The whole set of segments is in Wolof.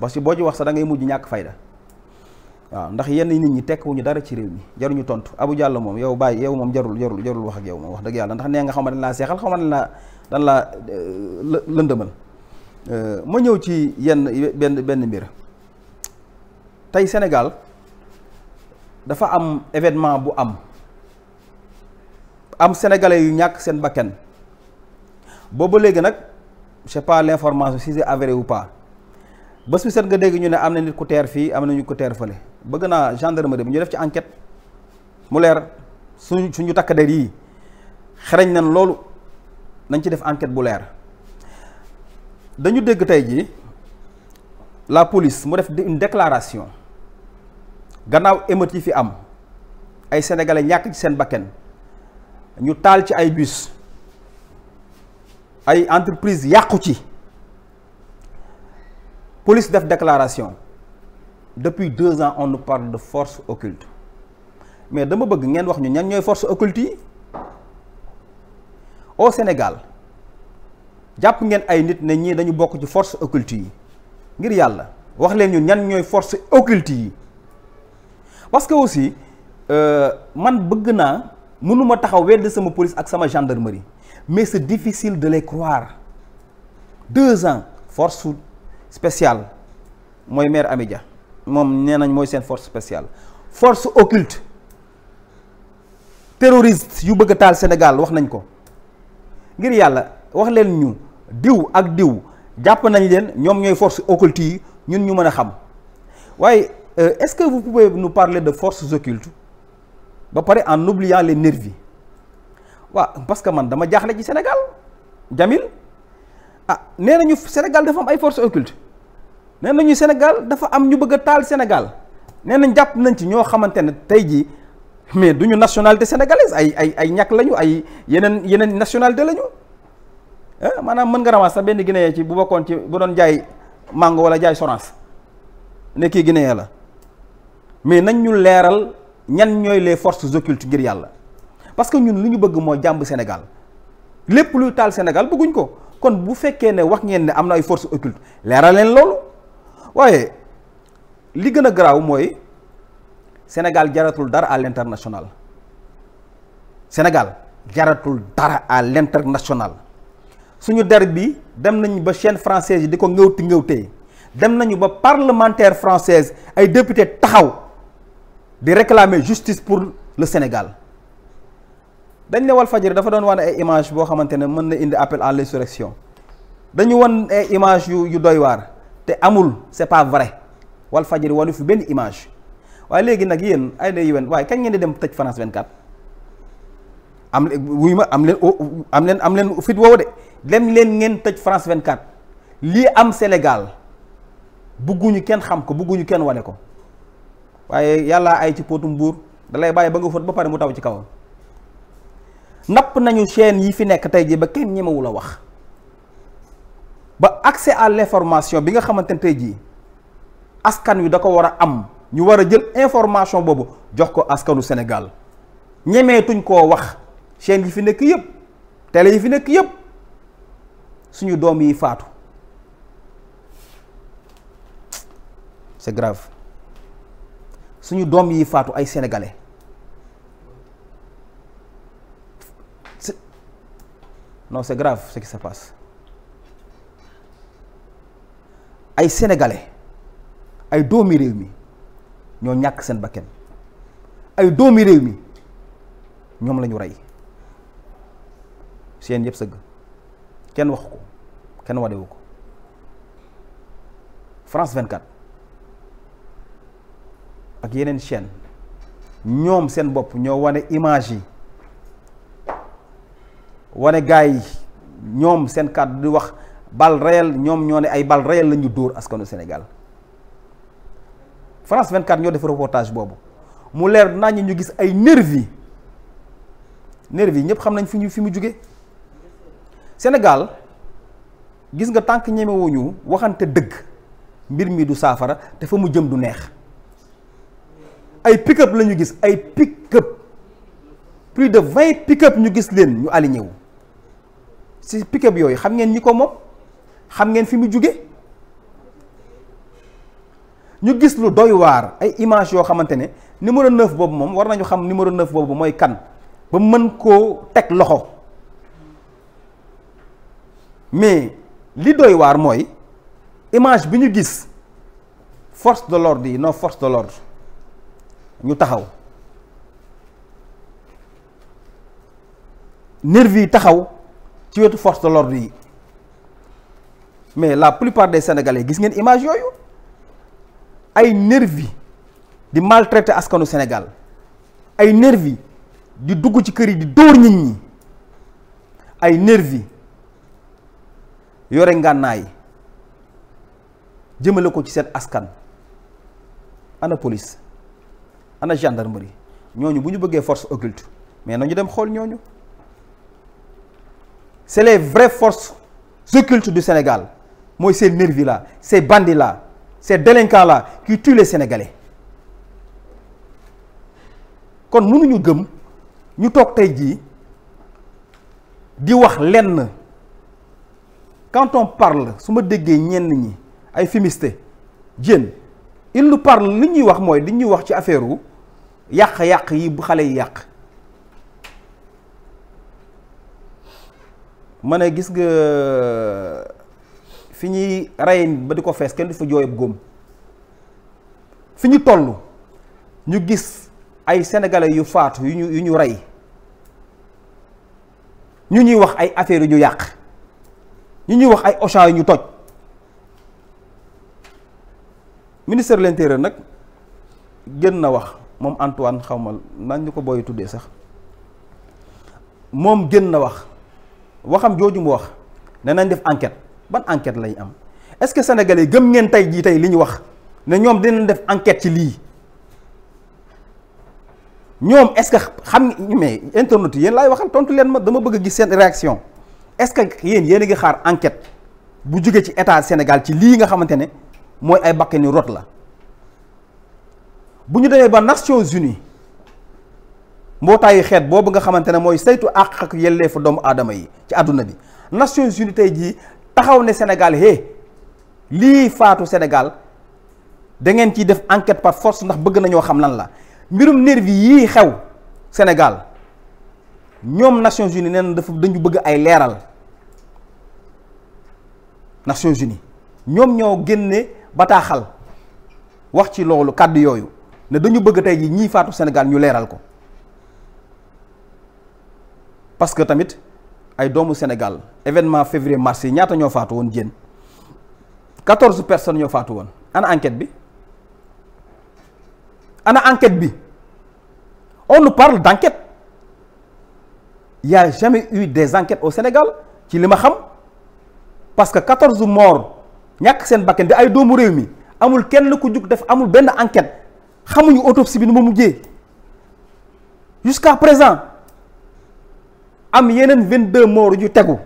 parce que boo ci wax sax da ngay mujj ñàkk fayda waaw ndax yenn nit ñi tekk tekkuñu dara ci réew mi jaruñu tontu abu Diallo moom yow bàyyi yow moom jarul jarul jarul wax ak yow moom wax dëgg yàlla ndax nee nga xam ne dañ laa seexal xam ne laa dañ euh, lëndëmal euh, ma ñëw ci yenn benn benn mbir tey Sénégal dafa am événement bu am am sénégalais yu ñàkk seen bakkan boobu léegi nag je sais pas l'information si c'est avéré ou pas. bés bi set nga dégg ñu ne am na nit ku teer fii am na ñu ko teer fële bëgg naa gendarmerie bi ñu def ci enquête mu leer suñ suñu takk der yii xereñ nañ loolu nañ ci def enquête bu leer dañu dégg tey jii la police mu def une déclaration gannaaw émeute yi fi am ay sénégalais ñàkk ci seen bakken ñu taal ci ay bus ay entreprise yàqu ci police def déclaration depuis deux ans on nous parle de force occulte mais dama bëgg ngeen wax ñu ñan ñooy force occulte yi au Sénégal jàpp ngeen ay nit ne ñii dañu bokk ci force occulte yi ngir yàlla wax leen ñu ñan ñooy force occulte yi parce que aussi euh, man bëgg naa mënuma taxaw wedd sama police ak sama gendarmerie mais c'est difficile de les croire deux ans force spéciale mooy mère Amidia moom nee nañ mooy seen force spéciale force occulte terroriste yu bëgg a taal Sénégal wax nañ ko ngir yàlla wax leen ñu diw ak diw jàpp nañ leen ñoom ñooy force occulte yi ñun ñu mën a xam waaye euh, est-ce que vous pouvez nous parler de force occultes ba pare en oubliant les nervis waaw parce que man dama jaaxle ji Sénégal Jamil ah nee nañu Sénégal dafa am ay forces occultes nee nañu Sénégal dafa am ñu bëgg a taal Sénégal nee nañ jàpp nañ ci ñoo xamante ne tey jii mais du duñu nationalité sénégalaise ay ay ay ñàkk lañu ay yeneen yeneen nationalité lañu ah maanaam mën nga ramas sa benn Guinéen ci bu bokkoon ci bu doon jaay mango wala jaay sorance ne kii Guinéen la mais nañ ñu leeral ñan ñooy les forces occultes ngir yàlla parce que ñun lu ñu bëgg moo jàmb Sénégal lépp luy taal Sénégal bëgguñ ko. kon bu fekkee ne wax ngeen ne am na ay forces occultes leeral leen loolu waaye li gën a garaaw mooy Sénégal jaratul dara à l'international Sénégal jaratul dara à l'international suñu der bi dem nañu ba chaine française yi di ko ngëwti ngëwtee dem nañu ba parlementaire française ay député taxaw di réclamer justice pour le Sénégal dañu ne Walf Fadjri dafa doon wan ay image boo xamante ne mën na indi appel à l'insurrection dañu wan ay image yu doy waar te amul c'est pas vrai wal Fadjri wanu fi benn image waaye léegi nag yéen ay day yéen waaye kañ ngeen di dem tëj France 24 am wuy ma am leen am leen am leen fit woowu de dem leen ngeen tëj France 24 lii am Sénégal bugguñu kenn xam ko bugguñu kenn wane ko waaye yàllaa ay ci póotum buur dalay bàyyi ba nga fóot ba pare mu taw ci kawam. napp nañu chaîne yi fi nekk tey jii ba kenn ñemewu la wax ba accès à l'information bi nga xamante ne tey jii askan wi da ko war a am ñu war a jël information boobu jox ko askanu Sénégal ñemeetuñ koo wax chaîne yi fi nekk yëpp télé yi fi nekk yëpp suñu doom yi faatu c'est suñu doom yi faatu ay sénégalais. non c'est grave ce qui se passe ay sénégalais ay doomi réew mi ñoo ñàkk seen bakkan ay doomi réew mi ñoom lañu rey seen yëpp sëgg kenn waxu ko kenn wadewu ko France 24 ak yeneen chaîne ñoom seen bopp ñoo wane image yi wane gars yi ñoom seen kàddu du wax balle réelle ñoom ñoo ne ay balle réelle la ñu dóor askanu senegal France 24 ñoo def reportage boobu mu leer nañu ñu gis ay nervi nervi ñëpp xam nañ fi ñu fi mu jóge Sénégal gis nga tànk ñemewuñu waxante dëgg mbir mi du saafara te fa mu jëm du neex ay pick-up la gis ay pick-up plus de vingt pick-up ñu gis leen ñu aligné ñëw si pick-up yooyu xam ngeen ñi ko moom xam ngeen fi mu jóge ñu gis lu doy waar ay image yoo xamante ne numéro 9 boobu moom war nañu xam numéro 9 boobu mooy kan ba mën koo teg loxo mais li doy waar mooy image bi ñu gis force de l'ordre yi non force de ñu taxaw nervi yi taxaw ci wetu force de l'ordre yi mais la plupart des sénégalais gis ngeen image yooyu ay nervi di maltraiter askanu Sénégal ay nervi di dugg ci kër yi di dóor nit ñi ay nervi yore ngànnaay jëmale ko ci seen askan ana police ana gendarmerie ñooñu bu ñu bëggee force occulte mais ñu dem xool ñooñu c'est les vraies forces occultes du Sénégal mooy ces nervis là ces bandits là ces délinquants là qui tuent les Sénégalais kon mënuñu gëm ñu toog tey jii di wax lenn quand on parle su ma déggee ñenn ñi ay fumiste jéen il nous parle li ñuy wax mooy li ñuy wax ci affaire wu yàq-yàq yi bu xale yi yàq ma ne gis nga fi ñuy rey ba di ko fees kenn du fa jooyab góom fi ñu toll ñu gis ay sénégalais yu faatu yu ñu yu ñu rey ñu ñuy wax ay affaires yu ñu yàq ñu ñuy wax ay Auchan yu ñu toj ministère de l'intérieur nag gën na wax moom Antoine xawmal nañ ñu ko boy tuddee sax moom gën na wax waxam jooju mu wax ne nañ def enquête ban enquête lay am est-ce que sénégalais gëm ngeen tey jii tey li ñu wax ne ñoom dinañ def enquête ci lii ñoom est-ce que xam mais internet yéen laay waxal tontu leen ma dama bëgg gis seen réaction est-ce que yéen yéen ngi xaar enquête bu jóge ci état Sénégal ci lii nga xamante ne mooy ay bakkani rot la bu ñu demee ba Nations Unies. mbootaayu xeet boobu nga xamante ne mooy saytu àq ak yelleefu doomu aadama yi ci àdduna bi Nations Unies tey jii taxaw ne senegal hé lii faatu Sénégal da ngeen ciy def enquête par force ndax bëgg nañoo xam lan la mbirum nervi yii xew senegal ñoom Nations Unies nee na dafa dañu bëgg ay leeral Nations Unies ñoom ñoo génne bataaxal wax ci loolu kàddu yooyu ne dañu bëgg tey jii ñii faatu Sénégal ñu leeral ko. parce que tamit ay doomu Sénégal événement février mars yi ñaata ñoo faatu woon jéen quatorze personnes ñoo faatu woon ana enquête bi anna enquête bi on nous parle d'enquête il y jamais eu des enquête au Sénégal ci li ma xam parce que quatorze morts ñàkk seen bakkan di ay doomu réew mi amul kenn ku jug def amul benn enquête xamuñu autopsie bi nu ma mujjee jusqu'à présent am yeneen vingt deux morts yu tegu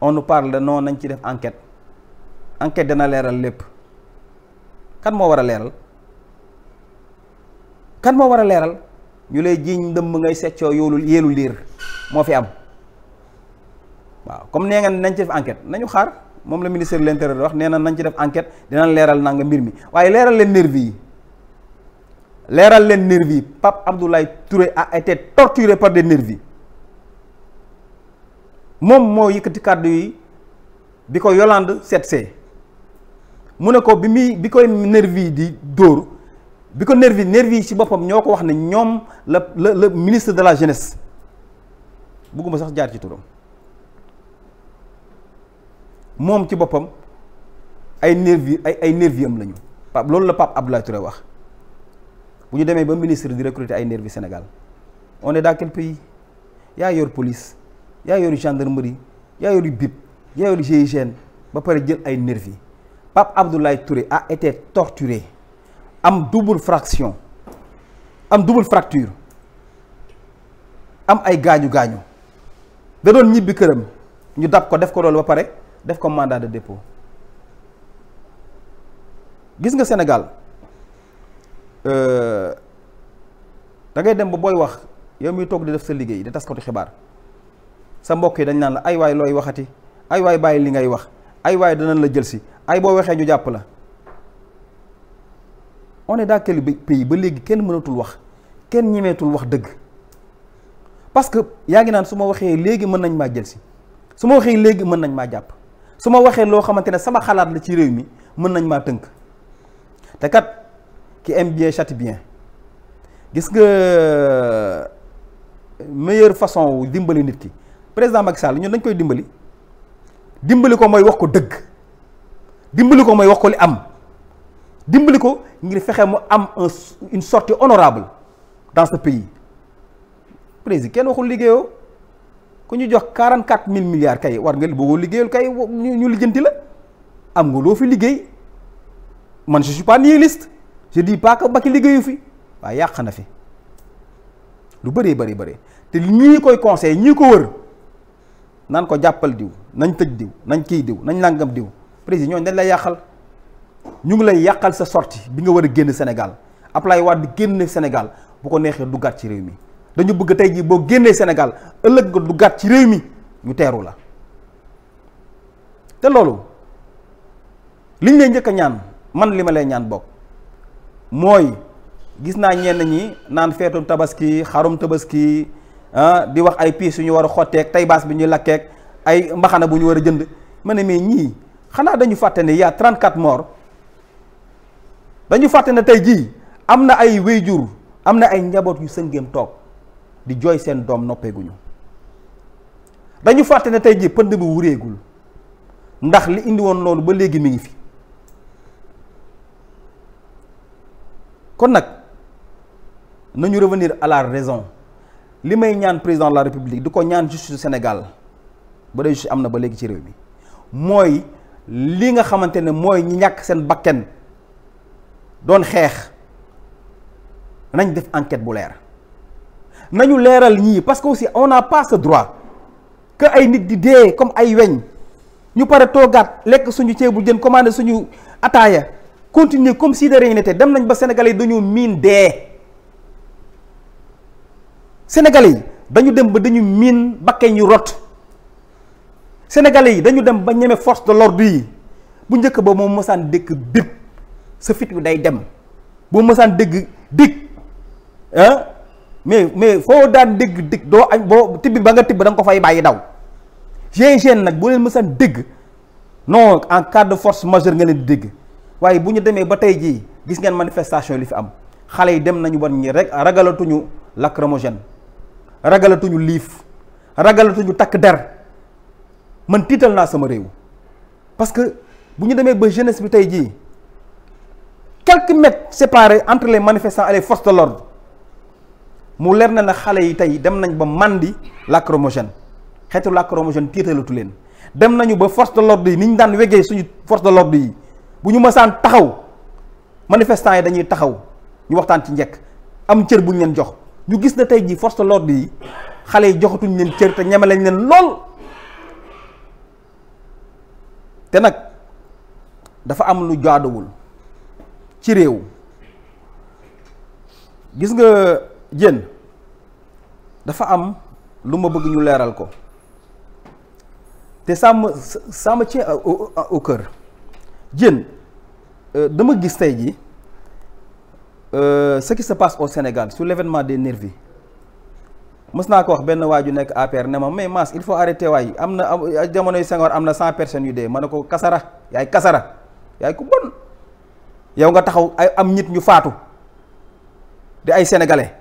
on nous parle de non nañ ci def enquête enquête dana leeral lépp kan moo war a leeral kan moo war a leeral ñu lay jiiñ ndëmb ngay seccoo yoolu yéelu liir moo fi am waaw comme nee nga nañ ci def enquête nañu xaar moom la ministère de l'intérieur wax nee na nañ ci def enquête dinañ leeral nanga mbir mi waaye leeral leen nervi yi leeral leen nervi Pape Abdoulaye Touré a été torturé par de nervis moom moo yëkkati kàddu yi bi ko Yolande seet see mu ne ko bi muy bi koy nervi di dóor bi ko nervi nervi ci boppam ñoo ko wax ne ñoom la la le ministre de la jeunesse bugguma sax jaar ci turam moom ci boppam ay nervi ay ay nervi am lañu Pape loolu la Pape Abdoulaye Touré wax. bu ñu demee ba ministre di recruter ay nervi Sénégal on est dans quel pays yaa yor police yaa yor gendarmerie yaa yor BIP yaa yor GIGN ba pare jël ay nervi Pape Abdoulaye Touré a été torturé am double fraction am double fracture am ay gaañu gaañu da doon ñibbi këram ñu dab ko def ko loolu ba pare def ko mandat de dépôt gis nga Sénégal. Euh, da ngay dem ba booy wax yow mi toog di def sa liggéey di taskatu xibaar sa mbokk yi dañ naan la ay waay looy waxati ay waay bàyyi li ngay wax ay waay danañ la jël si ay boo waxee ñu jàpp la on est dans quel ba léegi kenn mënatul wax kenn ñemeetul wax dëgg parce que yaa ngi naan su ma waxee léegi mën nañ maa jël si su ma waxee léegi mën nañ maa jàpp su ma waxee loo xamante ne sama xalaat la ci réew mi mën nañ maa tënk te kat qui aime bien châtie bien gis nga euh, meilleure façon wu dimbali nit ki président Macky Sall ñun dañ koy dimbali dimbali ko mooy wax ko dëgg dimbali ko mooy wax ko li am dimbali ko ngir fexe mu am un une sortie honorable dans ce pays président kenn waxul liggéeyoo ku ñu jox quarante quatre mille milliards kay war nga bëggoo liggéeyul kay ñu ñu lijjanti la am nga loo fi liggéey man je suis pas je dis pas que Macky liggéeyu fi waaye yàq na fi lu bëree bëri bëri te ñii koy conseil ñii ko wër naan ko jàppal diw nañ tëj diw nañ kii diw nañ làngam diw président ñooñu dañ lay yàqal ñu ngi lay yàqal sa sorti bi nga war a génn Sénégal Ablaye Wade génn Sénégal bu ko neexee duggaat ci réew mi dañu bëgg tey jii boo génnee Sénégal ëllëg nga duggaat ci réew mi ñu teeru la te loolu liñ lay njëkk a ñaan man li ma lay ñaan bokk mooy gis naa ñenn ñi naan feetum tabaski xarum tabaski ah, di wax ay piis yu ñu war a xotteeg tay bi ñuy lakkeeg ay mbaxana bu ñu war a jënd ma ne mais ñii xanaa dañu fàtte yaa y'a 34 morts dañu fàtte ne tey jii am na ay wéyjur am na ay njaboot yu sëngéem toog di jooy seen doom noppeeguñu dañu fàtte ne tey jii pënd bi wuréegul ndax li indi woon loolu ba léegi mi ngi fi kon nag nañu revenir à la raison li may ñaan président la république di ko ñaan justice Sénégal ba day justice am na ba léegi ci réew mi mooy li nga xamante ne mooy ñi ñàkk seen bakken doon xeex nañ def enquête bu leer nañu leeral ñii parce que aussi on n'a pas ce droit que ay nit di dee comme ay weñ ñu pare toogaat lekk suñu ceebu jën commandé suñu ataaya continuer comme si de dem nañ ba sénégalais yi dañoo miin dee sénégalais dañu dem ba dañu miin bakkan yu rot sénégalais yi dañu dem ba ñeme force de l'ordre yi bu njëkk ba moom mosaan dégg bip sa day dem boo mosaan dégg dig mais mais foo daan dégg dégg doo añ boo tibb ba nga tibb da nga ko fay bàyyi daw GIGN nag boo leen mosaan dégg non en cas de force majeure nga leen di dégg waaye bu ñu demee ba tey jii gis ngeen manifestation li fi am xale yi dem nañu ban ñi rek ragalatuñu lacrymogène ragalatuñu liif ragalatuñu takk der man tiital naa sama réew parce que bu ñu demee ba jeunesse bi tey jii quelques mètres séparés entre les manifestants et les forces de l'ordre mu leer na ne xale yi tey dem nañ ba màndi lacrymogène xeetu lacrymogène tiitalatu leen dem nañu ba force de l'ordre yi ni ñu daan wegee suñu force de l'ordre yi bu ñu mësaan taxaw manifestants yi dañuy taxaw ñu waxtaan ci njëkk am cër bu ñu leen jox ñu gis na tey jii force de yi xale yi joxatuñ leen cër te ñeme lañ leen lool te nag dafa am lu jaaduwul ci réew gis nga jën dafa am lu ma bëgg ñu leeral ko te ça me ça me tient au cœur jën euh, dama gis tey ji euh, ce qui se passe au Sénégal su l'événement des nervis mës naa ko wax benn waaju nekk APR ne ma mais Mass il faut arrêter waay am na jamonoy Senghor am na cent personnes yu dee man ne ko kasara yaay kasara yaay ku bon yow nga taxaw ay am nit ñu faatu di ay sénégalais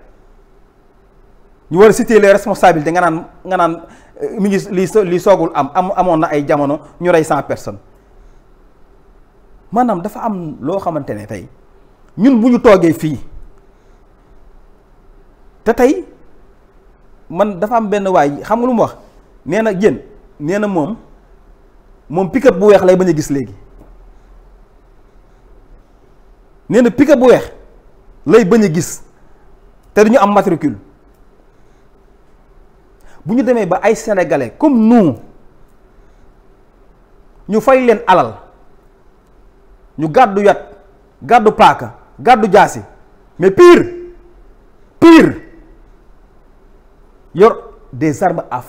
ñu war a citer les responsabilités nga naan nga naan euh, mi ngi li li soogul am am amoon na ay jamono ñu rey cent personnes maanaam dafa am loo xamante ne tey ñun bu ñu toogee fii te tey man dafa am benn waay xam nga lu mu wax nee na génn nee na moom moom pick-up bu weex lay bañ a gis léegi nee na pick-up bu weex lay bañ a gis te du ñu am matricule bu ñu demee ba ay sénégalais comme nu ñu fay leen alal. ñu gàddu yat gàddu paaka gàddu jaasi mais pire pire yor des armes à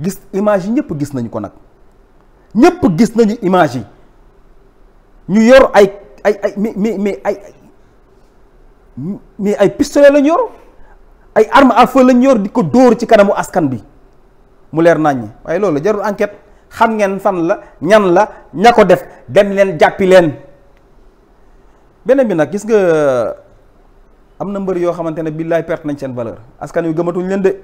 gis image yi ñëpp gis nañu ko nag ñëpp gis nañu image yi ñu yor ay ay ay mais mais mais ay mais ay pistolet yor ay armes à feu lañ yor di ko dóor ci kanamu askan bi mu leer naññ waaye loolu jarul enquête. xam ngeen fan la ñan la ña ko def dem leen jàppi leen beneen bi nag gis nga am na mbër yoo xamante ne billaay perte nañ seen valeur askan wi gëmatuñ leen de.